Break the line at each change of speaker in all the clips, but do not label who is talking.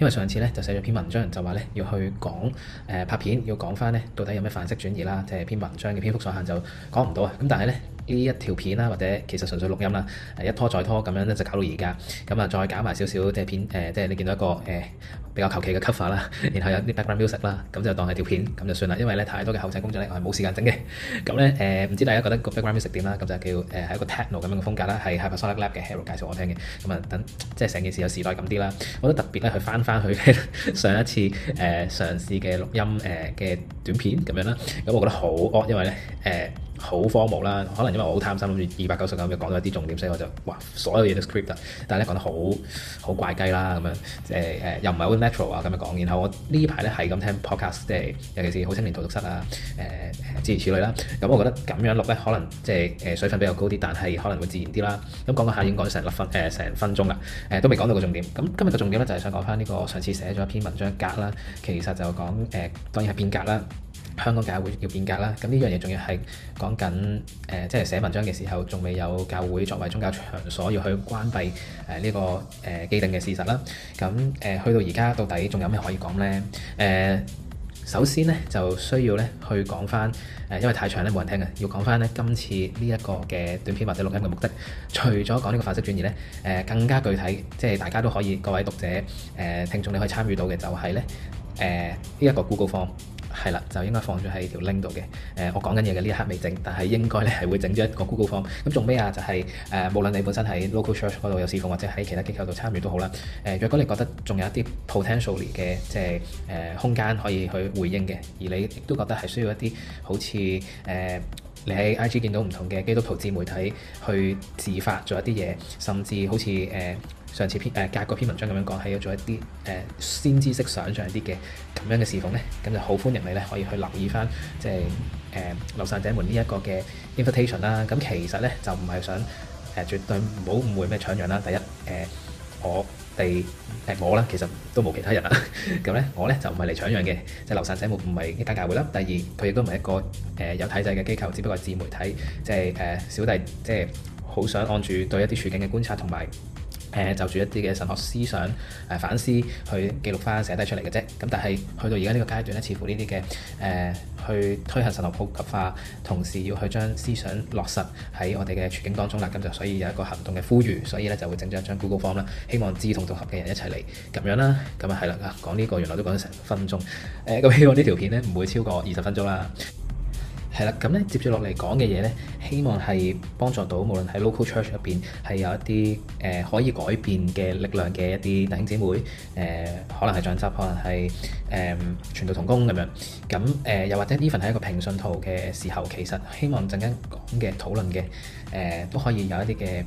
因為上次咧就寫咗篇文章就呢，就話咧要去講誒、呃、拍片，要講翻咧到底有咩範式轉移啦，即係篇文章嘅篇幅所限就講唔到啊。咁但係咧。呢一條片啦，或者其實純粹錄音啦，一拖再拖咁樣咧，就搞到而家。咁、嗯、啊，再搞埋少少即係片，誒、呃，即係你見到一個誒、呃、比較求其嘅 cover 啦，然後有啲 background music 啦，咁就當係條片咁就算啦。因為咧太多嘅後製工作咧，我係冇時間整嘅。咁咧誒，唔、呃、知大家覺得個 background music 點啦？咁就叫誒係、呃、一個 techno 咁樣嘅風格啦，係係佛山 Lab 嘅 Hero 介紹我聽嘅。咁啊，等即係成件事有時代感啲啦。我都特別咧去翻翻去上一次誒嘗試嘅錄音誒嘅、呃、短片咁樣啦。咁我覺得好惡，因為咧誒。呃好荒謬啦，可能因為我好貪心，諗住二百九十九秒講到一啲重點，所以我就哇，所有嘢都 script，但係咧講得好好怪雞啦，咁樣即係誒又唔係好 natural 啊咁樣講。然後我呢排咧係咁聽 podcast，即係尤其是好青年荼毒室啊，誒、呃、諸如此類啦。咁我覺得咁樣錄咧，可能即係誒水分比較高啲，但係可能會自然啲啦。咁講講下已經講咗成粒分誒成、呃、分鐘啦，誒、呃、都未講到個重點。咁、嗯、今日嘅重點咧就係想講翻呢、這個上次寫咗一篇文章革啦，其實就講誒、呃、當然係變革啦。香港教會要變革啦，咁呢樣嘢仲要係講緊誒，即係寫文章嘅時候，仲未有教會作為宗教場所要去關閉誒呢個誒既定嘅事實啦。咁、呃、誒、呃、去到而家，到底仲有咩可以講呢？誒、呃，首先呢，就需要咧去講翻誒，因為太長咧冇人聽嘅，要講翻咧今次呢一個嘅短片或者錄音嘅目的，除咗講呢個法式轉移咧，誒、呃、更加具體，即、就、係、是、大家都可以各位讀者誒、呃、聽眾你可以參與到嘅就係咧誒呢一個 Google Form。係啦，就應該放咗喺條 link 度嘅。誒、呃，我講緊嘢嘅呢一刻未整，但係應該咧係會整咗一個 Google Form。咁做咩啊？就係、是、誒、呃，無論你本身喺 Local Church 嗰度有事奉，或者喺其他機構度參與都好啦。誒、呃，若果你覺得仲有一啲 potential 嘅即係、呃、誒空間可以去回應嘅，而你亦都覺得係需要一啲好似誒、呃，你喺 IG 見到唔同嘅基督徒自媒體去自發做一啲嘢，甚至好似誒、呃上次篇誒隔個篇文章咁樣講，係要做一啲誒、呃、先知識想像、想象一啲嘅咁樣嘅事奉咧，咁就好歡迎你咧，可以去留意翻即係誒流散者們呢一個嘅 invitation 啦、啊。咁其實咧就唔係想誒、呃、絕對唔好誤會咩搶羊啦。第一誒、呃、我哋誒我啦，其實都冇其他人啊。咁 咧我咧就唔係嚟搶羊嘅，即係流散者們冇唔係間教會啦。第二佢亦都唔係一個誒、呃、有體制嘅機構，只不過係自媒體，即係誒、呃、小弟即係好想按住對一啲處境嘅觀察同埋。誒、呃、就住一啲嘅神學思想誒、呃、反思，去記錄翻寫低出嚟嘅啫。咁但係去到而家呢個階段咧，似乎呢啲嘅誒去推行神學普及化，同時要去將思想落實喺我哋嘅處境當中啦。咁、嗯、就所以有一個行動嘅呼籲，所以咧就會整咗一張 Google Form 啦，希望志同道合嘅人一齊嚟咁樣啦。咁啊係啦，啊、嗯嗯、講呢個原來都講咗成分鐘，誒、呃、咁、嗯、希望呢條片咧唔會超過二十分鐘啦。係啦，咁咧、嗯、接住落嚟講嘅嘢咧，希望係幫助到無論喺 local church 入邊係有一啲誒、呃、可以改變嘅力量嘅一啲弟兄姊妹，誒、呃、可能係長執，可能係誒傳道同工咁樣，咁、嗯、誒、呃、又或者 even 係一個平信徒嘅時候，其實希望陣間講嘅討論嘅誒都可以有一啲嘅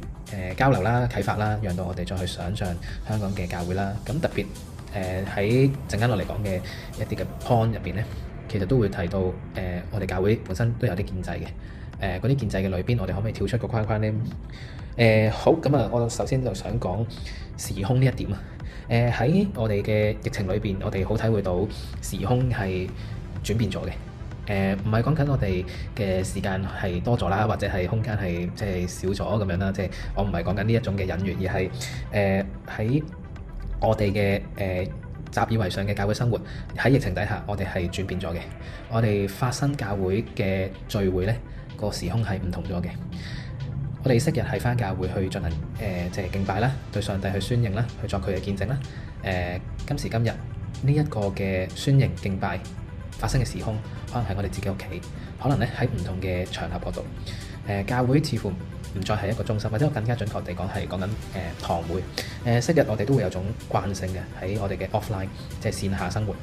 誒交流啦、啟發啦，讓到我哋再去想像香港嘅教會啦。咁、嗯、特別誒喺陣間落嚟講嘅一啲嘅 point 入邊咧。其實都會提到，誒，我哋教會本身都有啲建制嘅，誒，嗰啲建制嘅裏邊，我哋可唔可以跳出個框框咧？誒，好，咁啊，我首先就想講時空呢一點啊。誒，喺我哋嘅疫情裏邊，我哋好體會到時空係轉變咗嘅。誒，唔係講緊我哋嘅時間係多咗啦，或者係空間係即係少咗咁樣啦。即係我唔係講緊呢一種嘅隱喻，而係誒喺我哋嘅誒。習以為常嘅教會生活喺疫情底下，我哋係轉變咗嘅。我哋發生教會嘅聚會呢個時空係唔同咗嘅。我哋昔日係翻教會去進行誒，即、呃、係敬拜啦，對上帝去宣認啦，去作佢嘅見證啦。誒、呃，今時今日呢一、這個嘅宣認敬拜發生嘅時空，可能喺我哋自己屋企，可能咧喺唔同嘅場合嗰度。誒、呃，教會似乎。唔再係一個中心，或者我更加準確地講係講緊誒堂會。誒、呃、昔日我哋都會有種慣性嘅喺我哋嘅 offline，即係線下生活，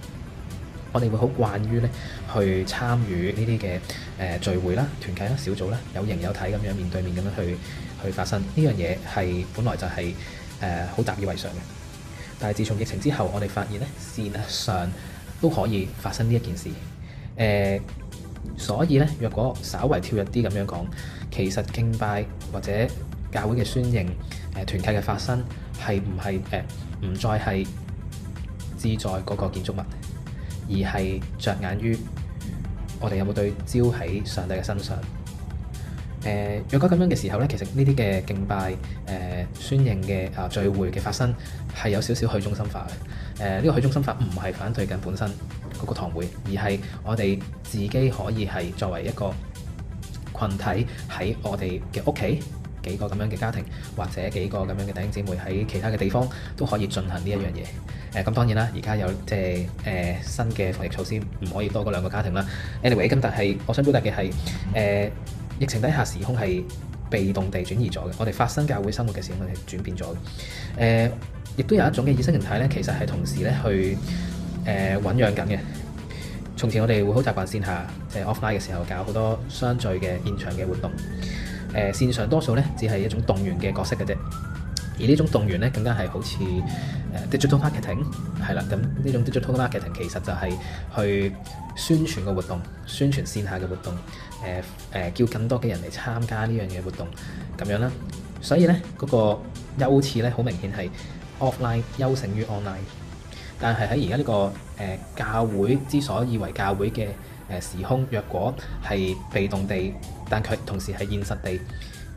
我哋會好慣於咧去參與呢啲嘅誒聚會啦、團契啦、小組啦，有形有體咁樣面對面咁樣去去發生呢樣嘢，係本來就係誒好習以為常嘅。但係自從疫情之後，我哋發現咧線上都可以發生呢一件事。誒、呃。所以咧，若果稍微跳入啲咁樣講，其實敬拜或者教會嘅宣認、誒團契嘅發生，係唔係誒唔再係資在嗰個建築物，而係着眼於我哋有冇對焦喺上帝嘅身上。誒、呃，若果咁樣嘅時候咧，其實呢啲嘅敬拜、誒、呃、宣認嘅啊聚會嘅發生，係有少少去中心化嘅。誒、呃，呢、這個去中心化唔係反對緊本身。嗰個堂會，而係我哋自己可以係作為一個群體喺我哋嘅屋企，幾個咁樣嘅家庭，或者幾個咁樣嘅弟兄姊妹喺其他嘅地方都可以進行呢一樣嘢。誒咁、嗯啊、當然啦，而家有即係誒新嘅防疫措施，唔可以多過兩個家庭啦。Anyway，咁但係我想表達嘅係誒疫情底下時空係被動地轉移咗嘅，我哋發生教會生活嘅時空係轉變咗嘅。誒、呃、亦都有一種嘅意識形態咧，其實係同時咧去。誒醖養緊嘅，從、呃、前我哋會好習慣線下，即係 offline 嘅時候搞好多相聚嘅現場嘅活動。誒、呃、線上多數咧只係一種動員嘅角色嘅啫，而呢種動員咧更加係好似誒、呃、digital marketing 係啦，咁、嗯、呢種 digital marketing 其實就係去宣傳嘅活動，宣傳線下嘅活動，誒、呃、誒、呃、叫更多嘅人嚟參加呢樣嘅活動咁樣啦。所以咧嗰、那個優次咧好明顯係 offline 優勝於 online。但係喺而家呢個誒、呃、教會之所以為教會嘅誒、呃、時空，若果係被動地，但佢同時係現實地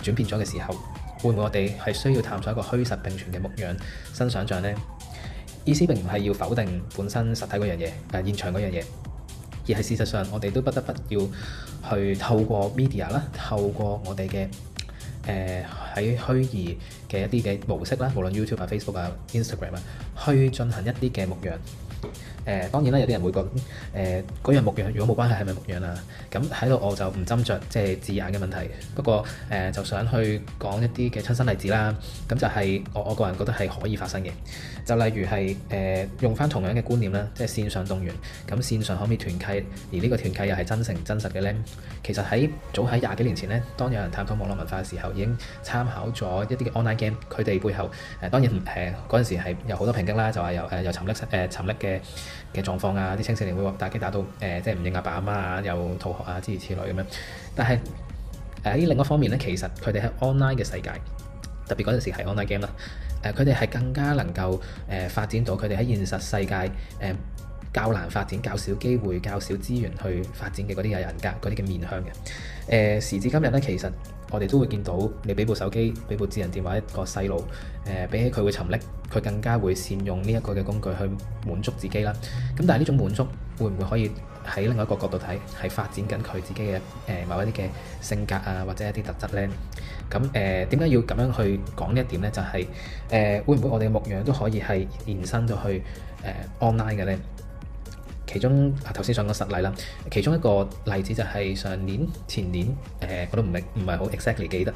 轉變咗嘅時候，會唔會我哋係需要探索一個虛實並存嘅模樣新想像呢？意思並唔係要否定本身實體嗰樣嘢，誒、呃、現場嗰樣嘢，而係事實上我哋都不得不要去透過 media 啦，透過我哋嘅誒喺虛擬嘅一啲嘅模式啦，無論 YouTube 啊、Facebook 啊、Instagram 啊。去進行一啲嘅牧養。誒當然啦，有啲人會講誒嗰樣牧養，如果冇關係係咪牧養啊？咁喺度我就唔斟酌即係字眼嘅問題。不過誒、呃、就想去講一啲嘅親身例子啦。咁就係我我個人覺得係可以發生嘅。就例如係誒、呃、用返同樣嘅觀念啦，即係線上動員咁線上可唔可以團契？而呢個團契又係真誠真實嘅咧。其實喺早喺廿幾年前咧，當有人探索網絡文化嘅時候，已經參考咗一啲嘅 online game。佢哋背後誒、呃、當然誒嗰陣時係有好多抨擊啦，就話由誒由沉溺沉、呃、沉溺嘅。嘅狀況啊，啲青少年會話打機打到誒、呃，即係唔認阿爸阿媽啊，又逃學啊之類之類咁樣。但係誒喺另一方面咧，其實佢哋喺 online 嘅世界，特別嗰陣時係 online game 啦。誒、呃，佢哋係更加能夠誒、呃、發展到佢哋喺現實世界誒、呃、較難發展、較少機會、較少資源去發展嘅嗰啲嘅人格、嗰啲嘅面向嘅。誒、呃、時至今日咧，其實，我哋都會見到你俾部手機,俾部智能電話,一個細路，誒,比起佢會沉溺,佢更加會善用呢一個嘅工具去滿足自己啦。咁但係呢種滿足,會唔會可以喺另外一個角度睇,係發展緊佢自己嘅誒某一啲嘅性格啊,或者一啲特質咧?咁誒，點解要咁樣去講呢一點咧?就係誒,會唔會我哋嘅牧養都可以係延伸到去誒 online 嘅咧其中頭先上個實例啦，其中一個例子就係上年前年，誒、呃、我都唔係唔係好 exactly 記得，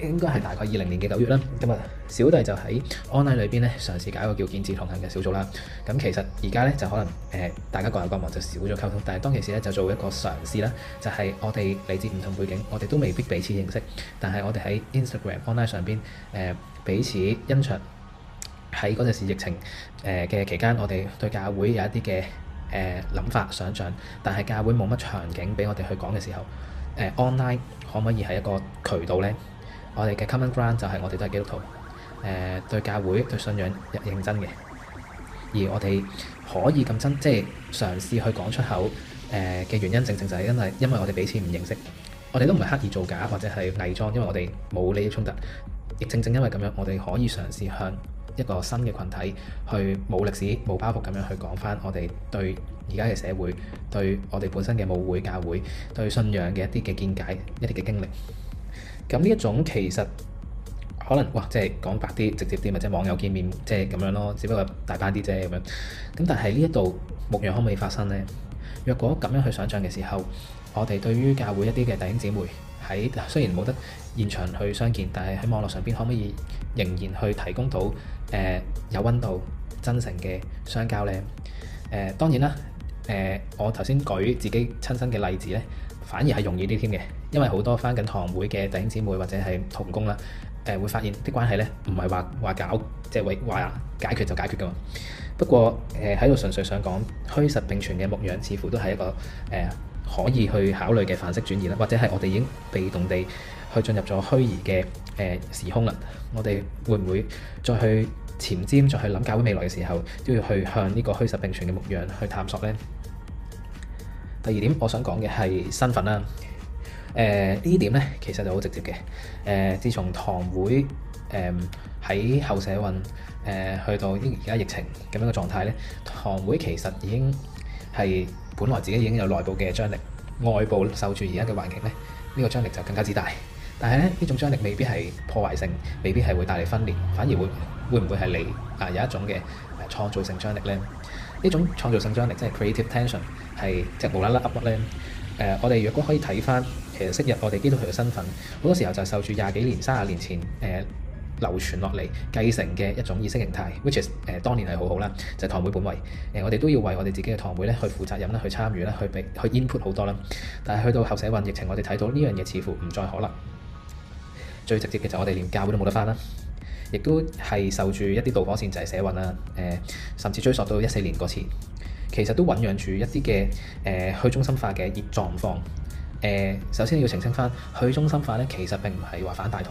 應該係大概二零年嘅九月啦。咁啊、嗯，嗯、小弟就喺 online 裏邊咧嘗試搞一個叫見字同行嘅小組啦。咁、嗯、其實而家咧就可能誒、呃、大家各有各忙，就少咗溝通。但係當其時咧就做一個嘗試啦，就係、是、我哋嚟自唔同背景，我哋都未必彼此認識，但係我哋喺 Instagram online 上邊誒、呃、彼此欣賞喺嗰陣時疫情誒嘅期間、呃，我哋對教會有一啲嘅。誒諗法、想象，但係教會冇乜場景俾我哋去講嘅時候，online、呃、可唔可以係一個渠道呢？我哋嘅 common ground 就係我哋都係基督徒，誒、呃、對教會、對信仰認真嘅，而我哋可以咁真，即係嘗試去講出口嘅、呃、原因，正正就係因為因為我哋彼此唔認識，
我哋都唔係刻
意造假或者係偽裝，因為我哋冇利益衝突，亦正正因為咁樣，我哋可以嘗試向。一個新嘅群體去，冇歷史冇包袱咁樣，去講返我哋對而家嘅社會、對我哋本身嘅牧會、教會、對信仰嘅一啲嘅見解、一啲嘅經歷。咁呢一種其實可能哇，即係講白啲直接啲，或者網友見面即係咁樣咯，只不過大班啲啫咁樣。咁但係呢一度牧養可唔可以發生呢？若果咁樣去想象嘅時候，我哋對於教會一啲嘅弟兄姊妹喺雖然冇得現場去相見，但係喺網絡上邊可唔可以？仍然去提供到誒、呃、有溫度、真誠嘅相交呢。誒、呃、當然啦，誒、呃、我頭先舉自己親身嘅例子呢，反而係容易啲添嘅，因為好多返緊堂會嘅弟兄姊妹或者係同工啦，誒、呃、會發現啲關係呢唔係話話搞即係話解決就解決㗎嘛。不過誒喺度純粹想講，虛實並存嘅牧養似乎都係一個誒、呃、可以去考慮嘅範式轉移啦，或者係我哋已經被動地去進入咗虛擬嘅。誒時空啦，我哋會唔會再去前瞻，再去諗教會未來嘅時候，都要去向呢個虛實並存嘅牧養去探索呢？第二點，我想講嘅係身份啦。誒、呃、呢點呢，其實就好直接嘅。誒、呃、自從堂會誒喺、呃、後社運誒去到依而家疫情咁樣嘅狀態呢，堂會其實已經係本來自己已經有內部嘅張力，外部受住而家嘅環境呢，呢、這個張力就更加之大。但係咧，呢種張力未必係破壞性，未必係會帶嚟分裂，反而會會唔會係你啊？有一種嘅誒創造性張力咧，呢種創造性張力即係 creative tension，係即係無啦啦 up 咧誒。我哋若果可以睇翻，其實昔日我哋基督徒嘅身份好多時候就係受住廿幾年、三十年前誒、呃、流傳落嚟、繼承嘅一種意識形態，which is 誒、呃、當年係好好啦，就係、是、堂會本位誒、呃。我哋都要為我哋自己嘅堂會咧去負責任啦，去參與啦，去去 input 好多啦。但係去到後社運疫情，我哋睇到呢樣嘢似乎唔再可能。最直接嘅就係我哋連教會都冇得返啦，亦都係受住一啲導火線就係、是、社運啦，誒、呃、甚至追溯到一四年嗰次，其實都醞釀住一啲嘅誒去中心化嘅熱狀況。誒、呃、首先要澄清返，去中心化咧其實並唔係話反大台。誒、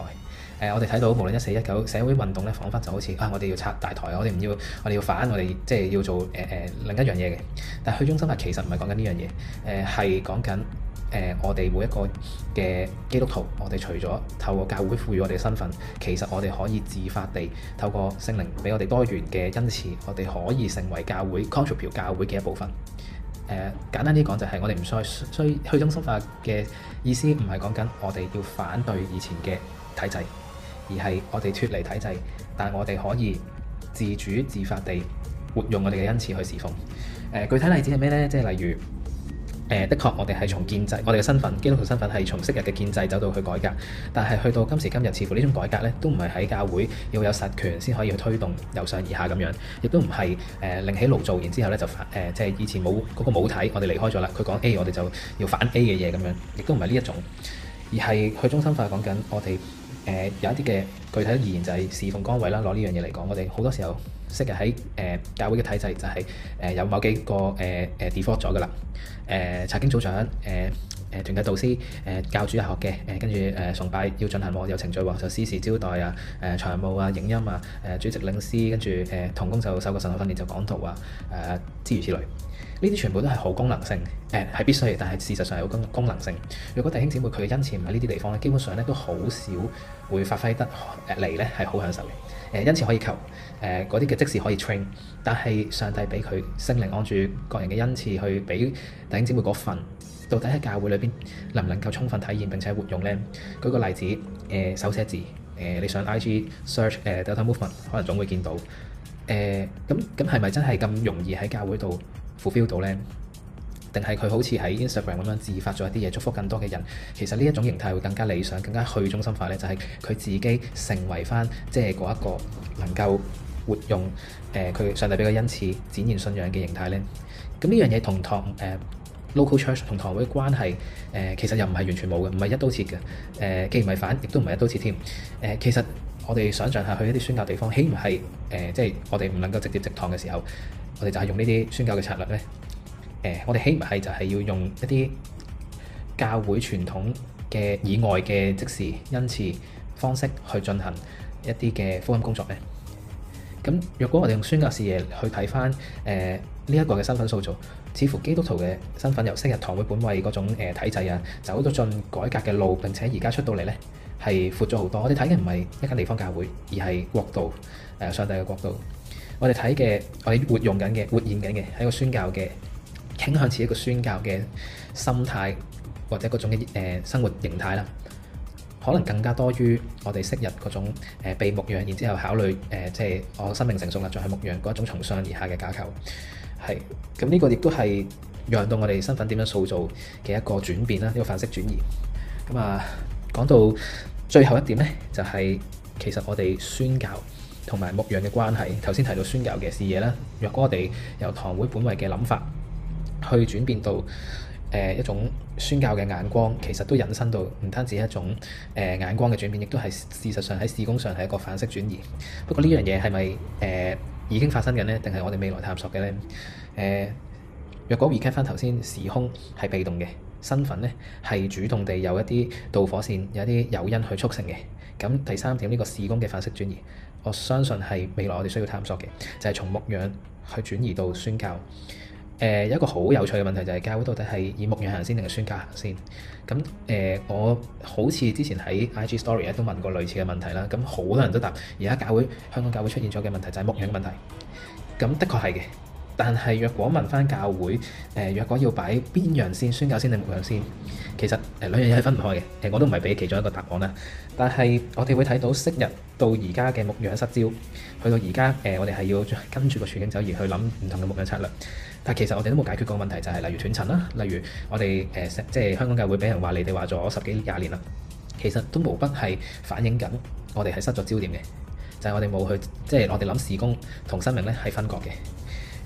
呃、我哋睇到無論一四一九社會運動咧，彷彿就好似啊我哋要拆大台，我哋唔要，我哋要反，我哋即係要做誒誒、呃呃、另一樣嘢嘅。但係去中心化其實唔係講緊呢樣嘢，誒係講緊。誒、呃，我哋每一個嘅基督徒，我哋除咗透過教會賦予我哋嘅身份，其實我哋可以自發地透過聖靈俾我哋多元嘅恩賜，我哋可以成為教會 control 住教會嘅一部分。誒、呃，簡單啲講就係我哋唔需要需去中心化嘅意思，唔係講緊我哋要反對以前嘅體制，而係我哋脫離體制，但我哋可以自主自發地活用我哋嘅恩賜去侍奉。誒、呃，具體例子係咩呢？即係例如。呃、的確，我哋係從建制，我哋嘅身份，基督徒身份係從昔日嘅建制走到去改革，但係去到今時今日，似乎呢種改革呢都唔係喺教會要有實權先可以去推動，由上而下咁樣，亦都唔係誒另起爐灶，然之後呢就反、呃、即係以前冇嗰、那個母體我離，我哋離開咗啦。佢講 A，我哋就要反 A 嘅嘢咁樣，亦都唔係呢一種，而係去中心化講緊我哋。誒、呃、有一啲嘅具體而言就係侍奉崗位啦，攞呢樣嘢嚟講，我哋好多時候識嘅喺誒教會嘅體制就係、是、誒、呃、有某幾個誒誒 default 咗嘅啦。誒查經組長、誒誒團契導師誒、呃、教主日學嘅、誒跟住誒崇拜要進行、哦、有程序喎，就司事招待啊誒財務啊影音啊、誒、呃、主席領詩，跟住誒同工就受過神學訓練就講道啊誒諸如此類。呢啲全部都係好功能性，誒係必須，但係事實上係有功功能性。如果弟兄姊妹佢嘅恩賜唔喺呢啲地方咧，基本上咧都好少會發揮得誒嚟咧，係好享受嘅誒、呃。恩賜可以求誒，嗰啲嘅即時可以 train，但係上帝俾佢聖靈按住個人嘅恩賜去俾弟兄姊妹嗰份，到底喺教會裏邊能唔能夠充分體驗並且活用咧？舉個例子誒、呃，手寫字誒、呃，你上 I G search 誒、呃，抖抖 movement 可能總會見到誒。咁咁係咪真係咁容易喺教會度？feel 到咧，定係佢好似喺 Instagram 咁樣自發咗一啲嘢，祝福更多嘅人。其實呢一種形態會更加理想、更加去中心化咧，就係、是、佢自己成為翻即係嗰一個能夠活用誒佢、呃、上帝俾佢恩賜、展現信仰嘅形態咧。咁呢樣嘢同堂誒 local church 同堂會嘅關係、呃、其實又唔係完全冇嘅，唔係一刀切嘅誒、呃，既唔係反，亦都唔係一刀切添誒、呃。其實我哋想像下去一啲宣教地方，豈唔係誒？即、呃、係、就是、我哋唔能夠直接直堂嘅時候。我哋就係用呢啲宣教嘅策略咧，誒，我哋豈唔係就係要用一啲教會傳統嘅以外嘅即時恩慈方式去進行一啲嘅福音工作咧。咁若果我哋用宣教視野去睇返，誒，呢一個嘅身份塑造，似乎基督徒嘅身份由昔日堂會本位嗰種誒體制啊，走到進改革嘅路，並且而家出到嚟咧，係闊咗好多。我哋睇嘅唔係一間地方教會，而係國度，誒，上帝嘅國度。我哋睇嘅，我哋活用緊嘅、活現緊嘅，係一個宣教嘅傾向，似一個宣教嘅心態，或者嗰種嘅誒生活形態啦，可能更加多於我哋適入昔日嗰種被牧養，然之後考慮誒，即、呃、係、就是、我生命成熟啦，再去牧養嗰種從上而下嘅架構，係咁呢個亦都係讓到我哋身份點樣塑造嘅一個轉變啦，一、這個範式轉移。咁啊，講到最後一點咧，就係、是、其實我哋宣教。同埋牧養嘅關係，頭先提到宣教嘅視野啦。若果我哋由堂會本位嘅諗法，去轉變到誒、呃、一種宣教嘅眼光，其實都引申到唔單止一種誒、呃、眼光嘅轉變，亦都係事實上喺事工上係一個範式轉移。不過呢樣嘢係咪誒已經發生緊呢？定係我哋未來探索嘅咧？誒、呃，若果回顧翻頭先時空係被動嘅，身份咧係主動地有一啲導火線、有一啲誘因去促成嘅。咁第三點呢、這個事工嘅方式轉移，我相信係未來我哋需要探索嘅，就係從牧養去轉移到宣教。誒、呃，有一個好有趣嘅問題就係教會到底係以牧養行先定係宣教行先？咁誒、呃，我好似之前喺 IG Story 都問過類似嘅問題啦。咁好多人都答，而家教會香港教會出現咗嘅問題就係牧養嘅問題。咁的確係嘅。但係、呃，若果問翻教會，誒若果要擺邊樣先宣教先定牧養先，其實誒兩樣嘢係分唔開嘅。誒、呃、我都唔係俾其中一個答案啦。但係我哋會睇到昔日到而家嘅牧養失焦，去到而家誒，我哋係要跟住個處境走而去諗唔同嘅牧養策略。但係其實我哋都冇解決過問題，就係、是、例如斷層啦，例如我哋誒、呃、即係香港教會俾人話你哋話咗十幾廿年啦，其實都無不係反映緊我哋係失咗焦點嘅，就係、是、我哋冇去即係我哋諗事工同生命咧係分割嘅。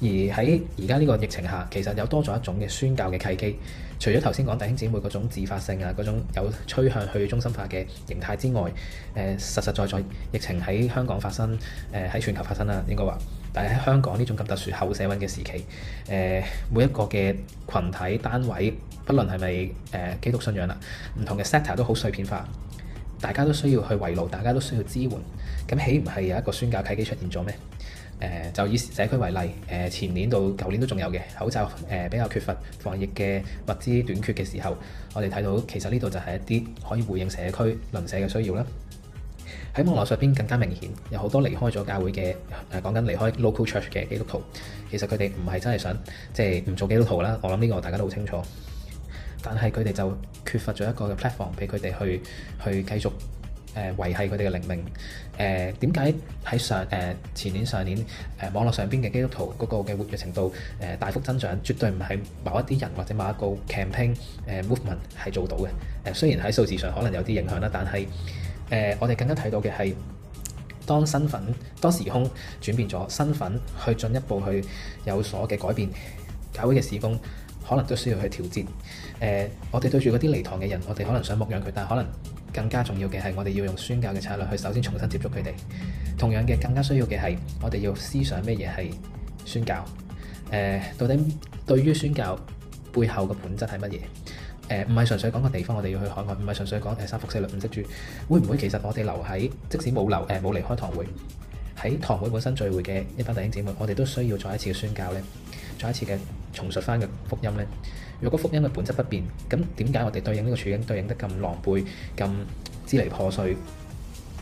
而喺而家呢個疫情下，其實有多咗一種嘅宣教嘅契機。除咗頭先講弟兄姊妹嗰種自發性啊，嗰種有趨向去中心化嘅形態之外，誒、呃、實實在在，在疫情喺香港發生，誒、呃、喺全球發生啦，應該話。但係喺香港呢種咁特殊後社運嘅時期，誒、呃、每一個嘅群體單位，不論係咪誒基督信仰啦，唔同嘅 sector 都好碎片化，大家都需要去圍爐，大家都需要支援，咁豈唔係有一個宣教契機出現咗咩？誒、呃、就以社區為例，誒、呃、前年到舊年都仲有嘅口罩，誒、呃、比較缺乏防疫嘅物資短缺嘅時候，我哋睇到其實呢度就係一啲可以回應社區鄰舍嘅需要啦。喺網絡上邊更加明顯，有好多離開咗教會嘅誒講緊離開 local church 嘅基督徒，其實佢哋唔係真係想即係唔做基督徒啦，我諗呢個大家都好清楚，但係佢哋就缺乏咗一個嘅 platform 俾佢哋去去繼續。誒維繫佢哋嘅靈命。誒點解喺上誒、呃、前年上、呃、年誒、呃、網絡上邊嘅基督徒嗰個嘅活躍程度誒、呃、大幅增長，絕對唔係某一啲人或者某一個 campaign 誒、呃、movement 係做到嘅。誒、呃、雖然喺數字上可能有啲影響啦，但係誒、呃、我哋更加睇到嘅係當身份當時空轉變咗，身份去進一步去有所嘅改變，教會嘅事工可能都需要去調節。誒、呃、我哋對住嗰啲離堂嘅人，我哋可能想牧養佢，但係可能。更加重要嘅係，我哋要用宣教嘅策略去首先重新接觸佢哋。同樣嘅，更加需要嘅係，我哋要思想咩嘢係宣教。誒、呃，到底對於宣教背後嘅本質係乜嘢？誒、呃，唔係純粹講個地方，我哋要去海外，唔係純粹講誒三福四律，唔識住。會唔會其實我哋留喺，即使冇留誒冇離開堂會，喺堂會本身聚會嘅一班弟兄姊妹，我哋都需要再一次嘅宣教咧，再一次嘅重述翻嘅福音咧。如果福音嘅本質不變，咁點解我哋對應呢個處境對應得咁狼狽、咁支離破碎？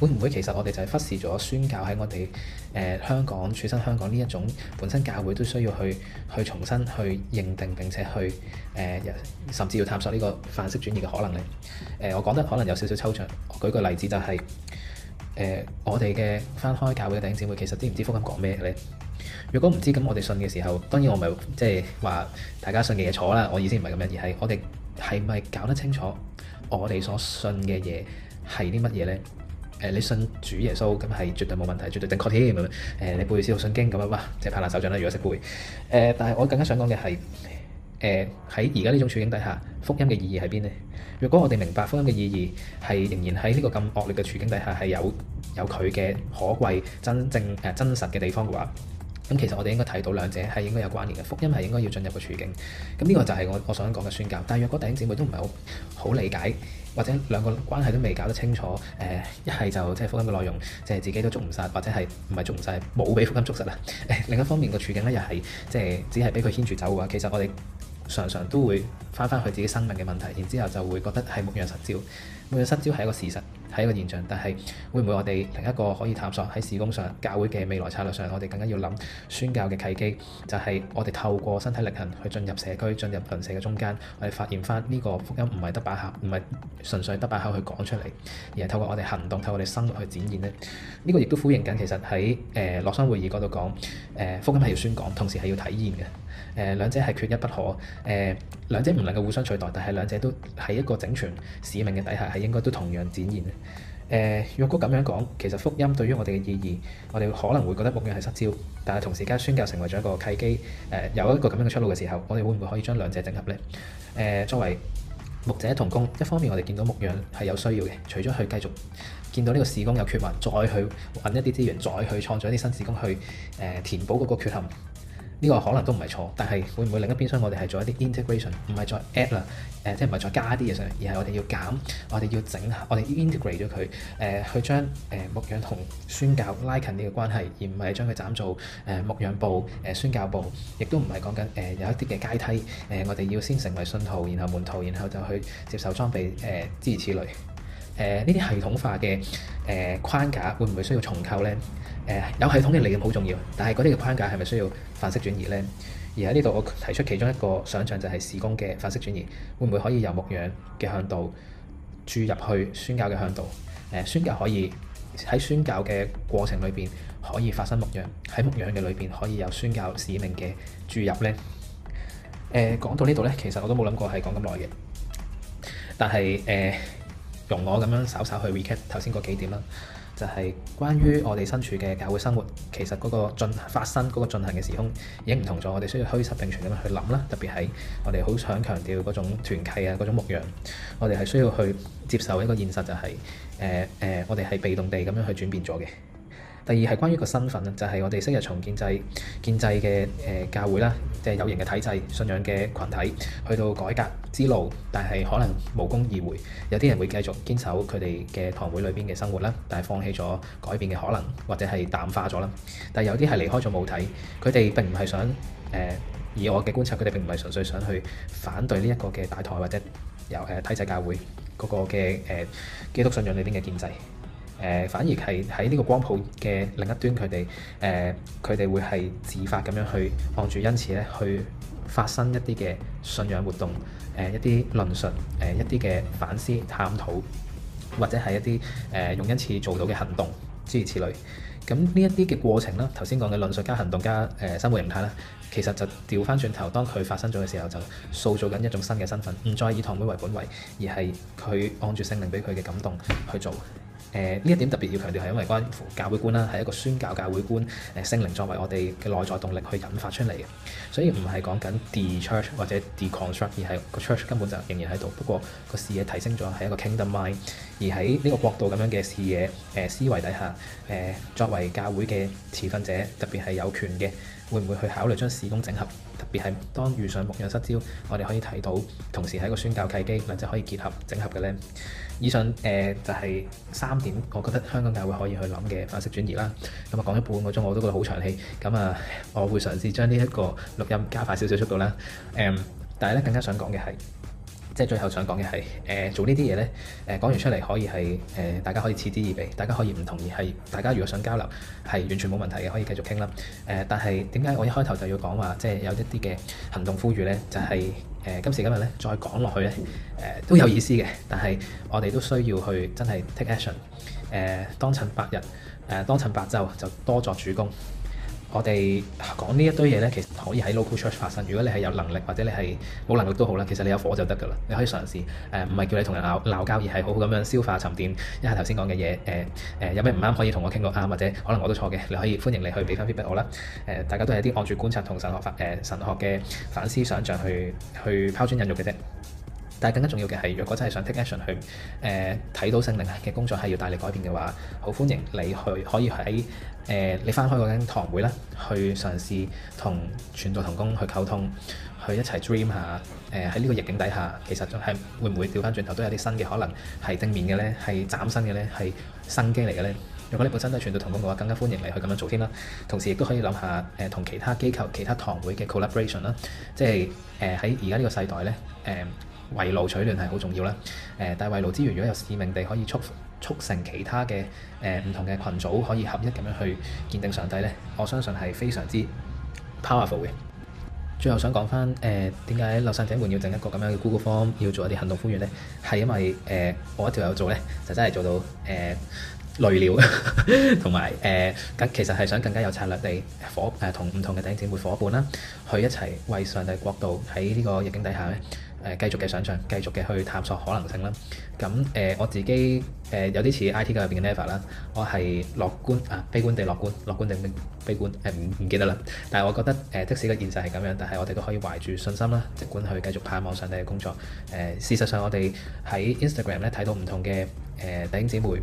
會唔會其實我哋就係忽視咗宣教喺我哋誒、呃、香港處身香港呢一種本身教會都需要去去重新去認定並且去誒、呃、甚至要探索呢個範式轉移嘅可能性？誒、呃，我講得可能有少少抽象。我舉個例子就係、是、誒、呃，我哋嘅返開教會嘅弟兄姊妹，其實知唔知福音講咩呢？如果唔知咁，我哋信嘅時候，當然我唔係即係話大家信嘅嘢錯啦。我意思唔係咁樣，而係我哋係咪搞得清楚我哋所信嘅嘢係啲乜嘢咧？誒、呃，你信主耶穌咁係絕對冇問題，絕對正確添，係、呃、你背使徒信經咁啊！哇，即係拍爛手掌啦！如果識背誒、呃，但係我更加想講嘅係誒喺而家呢種處境底下，福音嘅意義喺邊咧？如果我哋明白福音嘅意義係仍然喺呢個咁惡劣嘅處境底下係有有佢嘅可貴真正誒真實嘅地方嘅話。咁其實我哋應該睇到兩者係應該有關聯嘅，福音係應該要進入個處境。咁呢個就係我我想講嘅宣教。但係若果弟兄姊妹都唔係好好理解，或者兩個關係都未搞得清楚，誒、呃、一係就即係福音嘅內容，即係自己都捉唔晒，或者係唔係捉唔晒，冇俾福音捉實啦。誒、哎、另一方面個處境咧又係即係只係俾佢牽住走嘅話，其實我哋常常都會翻翻去自己生命嘅問題，然之後就會覺得係牧養失焦。牧養失焦係一個事實。係一個現象，但係會唔會我哋另一個可以探索喺事工上、教會嘅未來策略上，我哋更加要諗宣教嘅契機，就係、是、我哋透過身體力行去進入社區、進入鄰舍嘅中間，我哋發現翻呢個福音唔係得把口，唔係純粹得把口去講出嚟，而係透過我哋行動、透過我哋生活去展現咧。呢、這個亦都呼應緊，其實喺誒洛桑會議嗰度講，誒、呃、福音係要宣講，同時係要體驗嘅，誒、呃、兩者係缺一不可，誒、呃。兩者唔能夠互相取代，但係兩者都喺一個整全使命嘅底下係應該都同樣展現嘅。若、呃、果咁樣講，其實福音對於我哋嘅意義，我哋可能會覺得牧養係失焦，但係同時間宣教成為咗一個契機，誒、呃、有一個咁樣嘅出路嘅時候，我哋會唔會可以將兩者整合呢？誒、呃，作為牧者同工，一方面我哋見到牧養係有需要嘅，除咗去繼續見到呢個事工有缺環，再去揾一啲資源，再去創造一啲新事工去誒、呃、填補嗰個缺陷。呢個可能都唔係錯，但係會唔會另一邊廂我哋係做一啲 integration，唔係再 add 啦，誒，即係唔係再加啲嘢上，而係我哋要減，我哋要整，我哋要 integrate 咗佢，誒、呃，去將誒、呃、牧養同宣教拉近呢個關係，而唔係將佢斬做誒牧養部、誒、呃、宣教部，亦都唔係講緊誒有一啲嘅階梯，誒、呃，我哋要先成為信徒，然後門徒，然後就去接受裝備，誒、呃，諸如此類。誒呢啲系統化嘅誒、呃、框架會唔會需要重構咧？誒、呃、有系統嘅理念好重要，但係嗰啲嘅框架係咪需要範式轉移咧？而喺呢度我提出其中一個想象就係事工嘅範式轉移，會唔會可以由牧養嘅向度注入去宣教嘅向度？誒、呃、宣教可以喺宣教嘅過程裏邊可以發生牧養，喺牧養嘅裏邊可以有宣教使命嘅注入咧。誒、呃、講到呢度咧，其實我都冇諗過係講咁耐嘅，但係誒、呃容我咁樣稍稍去 recap 頭先嗰幾點啦，就係關於我哋身處嘅教會生活，其實嗰個進發生嗰個進行嘅時空已經唔同咗，我哋需要虛實並存咁樣去諗啦。特別係我哋好想強調嗰種團契啊，嗰種牧養，我哋係需要去接受一個現實，就係誒誒，我哋係被動地咁樣去轉變咗嘅。第二係關於個身份啊，就係、是、我哋昔日從建制建制嘅誒、呃、教會啦，即係有形嘅體制、信仰嘅群體，去到改革之路，但係可能無功而回。有啲人會繼續堅守佢哋嘅堂會裏邊嘅生活啦，但係放棄咗改變嘅可能，或者係淡化咗啦。但係有啲係離開咗母體，佢哋並唔係想誒、呃，以我嘅觀察，佢哋並唔係純粹想去反對呢一個嘅大台或者由誒體制教會嗰個嘅誒、呃、基督信仰裏邊嘅建制。誒、呃，反而係喺呢個光譜嘅另一端，佢哋誒，佢、呃、哋會係自發咁樣去按住恩賜咧，去發生一啲嘅信仰活動，誒、呃、一啲論述，誒、呃、一啲嘅反思、探討，或者係一啲誒、呃、用恩賜做到嘅行動，諸如此類。咁呢一啲嘅過程咧，頭先講嘅論述加行動加誒、呃、生活形態咧，其實就調翻轉頭，當佢發生咗嘅時候，就塑造緊一種新嘅身份，唔再以堂會為本位，而係佢按住聖靈俾佢嘅感動去做。誒，呢一點特別要強調係因為關乎教會觀啦，係一個宣教教會觀，誒聖靈作為我哋嘅內在動力去引發出嚟嘅，所以唔係講緊 dechurch 或者 deconstruct，而係個 church 根本就仍然喺度，不過個視野提升咗，係一個 kingdom mind，而喺呢個國度咁樣嘅視野、誒、呃、思維底下，誒、呃、作為教會嘅持份者，特別係有權嘅，會唔會去考慮將事工整合？特別係當遇上牧養失焦，我哋可以睇到，同時係一個宣教契機，或者可以結合整合嘅呢以上誒、呃、就係、是、三點，我覺得香港教會可以去諗嘅法式轉移啦。咁、嗯、啊講咗半個鐘，我都覺得好長氣。咁、嗯、啊，我會嘗試將呢一個錄音加快少少速度啦。誒、嗯，但係咧更加想講嘅係。即係最後想講嘅係，誒、呃、做呢啲嘢咧，誒、呃、講完出嚟可以係，誒、呃、大家可以嗤之以鼻，大家可以唔同意係，大家如果想交流係完全冇問題嘅，可以繼續傾啦。誒、呃，但係點解我一開頭就要講話，即係有一啲嘅行動呼籲咧，就係、是、誒、呃、今時今日咧再講落去咧，誒、呃、都有意思嘅，但係我哋都需要去真係 take action，誒、呃、當趁白日，誒、呃、當趁白晝，就多作主工。我哋講呢一堆嘢呢，其實可以喺 local church 發生。如果你係有能力，或者你係冇能力都好啦，其實你有火就得㗎啦。你可以嘗試誒，唔係叫你同人鬧鬧交，而係好好咁樣消化沉澱、沉澱一下頭先講嘅嘢。誒、呃、誒、呃，有咩唔啱可以同我傾過啊？或者可能我都錯嘅，你可以歡迎你去俾翻 feedback 我啦。誒、呃，大家都係啲按住觀察、同神學反誒、呃、神學嘅反思、想像去去拋磚引玉嘅啫。但係更加重要嘅係，如果真係想 take action 去，誒、呃、睇到聖靈嘅工作係要帶嚟改變嘅話，好歡迎你去可以喺誒、呃、你翻開嗰間堂會啦，去嘗試同傳道同工去溝通，去一齊 dream 下誒喺呢個逆境底下，其實仲係會唔會掉翻轉頭都有啲新嘅可能係正面嘅咧，係嶄新嘅咧，係新機嚟嘅咧。如果你本身都係傳道同工嘅話，更加歡迎你去咁樣做添啦。同時亦都可以諗下誒同其他機構、其他堂會嘅 collaboration 啦、啊，即係誒喺而家呢個世代咧誒。呃呃圍爐取暖係好重要啦。誒、呃，但圍爐之餘，如果有使命地可以促促成其他嘅誒唔同嘅群組可以合一咁樣去見證上帝咧，我相信係非常之 powerful 嘅。最後想講翻誒點解立信頂會要整一個咁樣嘅 Google Form 要做一啲行動呼籲咧？係因為誒、呃、我一條友做咧，就真係做到誒、呃、累了，同埋誒咁其實係想更加有策略地夥誒同唔同嘅弟兄姊妹伙伴啦，去一齊為上帝國度喺呢個逆境底下咧。誒繼續嘅想象，繼續嘅去探索可能性啦。咁誒、呃、我自己誒、呃、有啲似 I T 界入邊嘅 n e v e r 啦，我係樂觀啊，悲觀地樂觀，樂觀地悲悲觀唔唔、呃、記得啦。但係我覺得誒，即使個現實係咁樣，但係我哋都可以懷住信心啦，儘管去繼續盼望上帝嘅工作。誒、呃、事實上我，我哋喺 Instagram 咧睇到唔同嘅誒、呃、弟兄姊妹誒、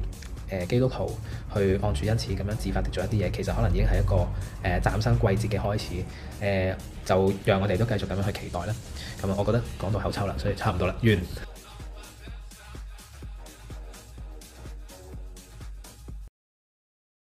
呃、基督徒去按住因此咁樣自發地做一啲嘢，其實可能已經係一個誒嶄、呃呃、新季節嘅開始。誒、呃呃、就讓我哋都繼續咁樣去期待啦。咁啊、嗯，我覺得講到口臭啦，所以差唔多啦，完。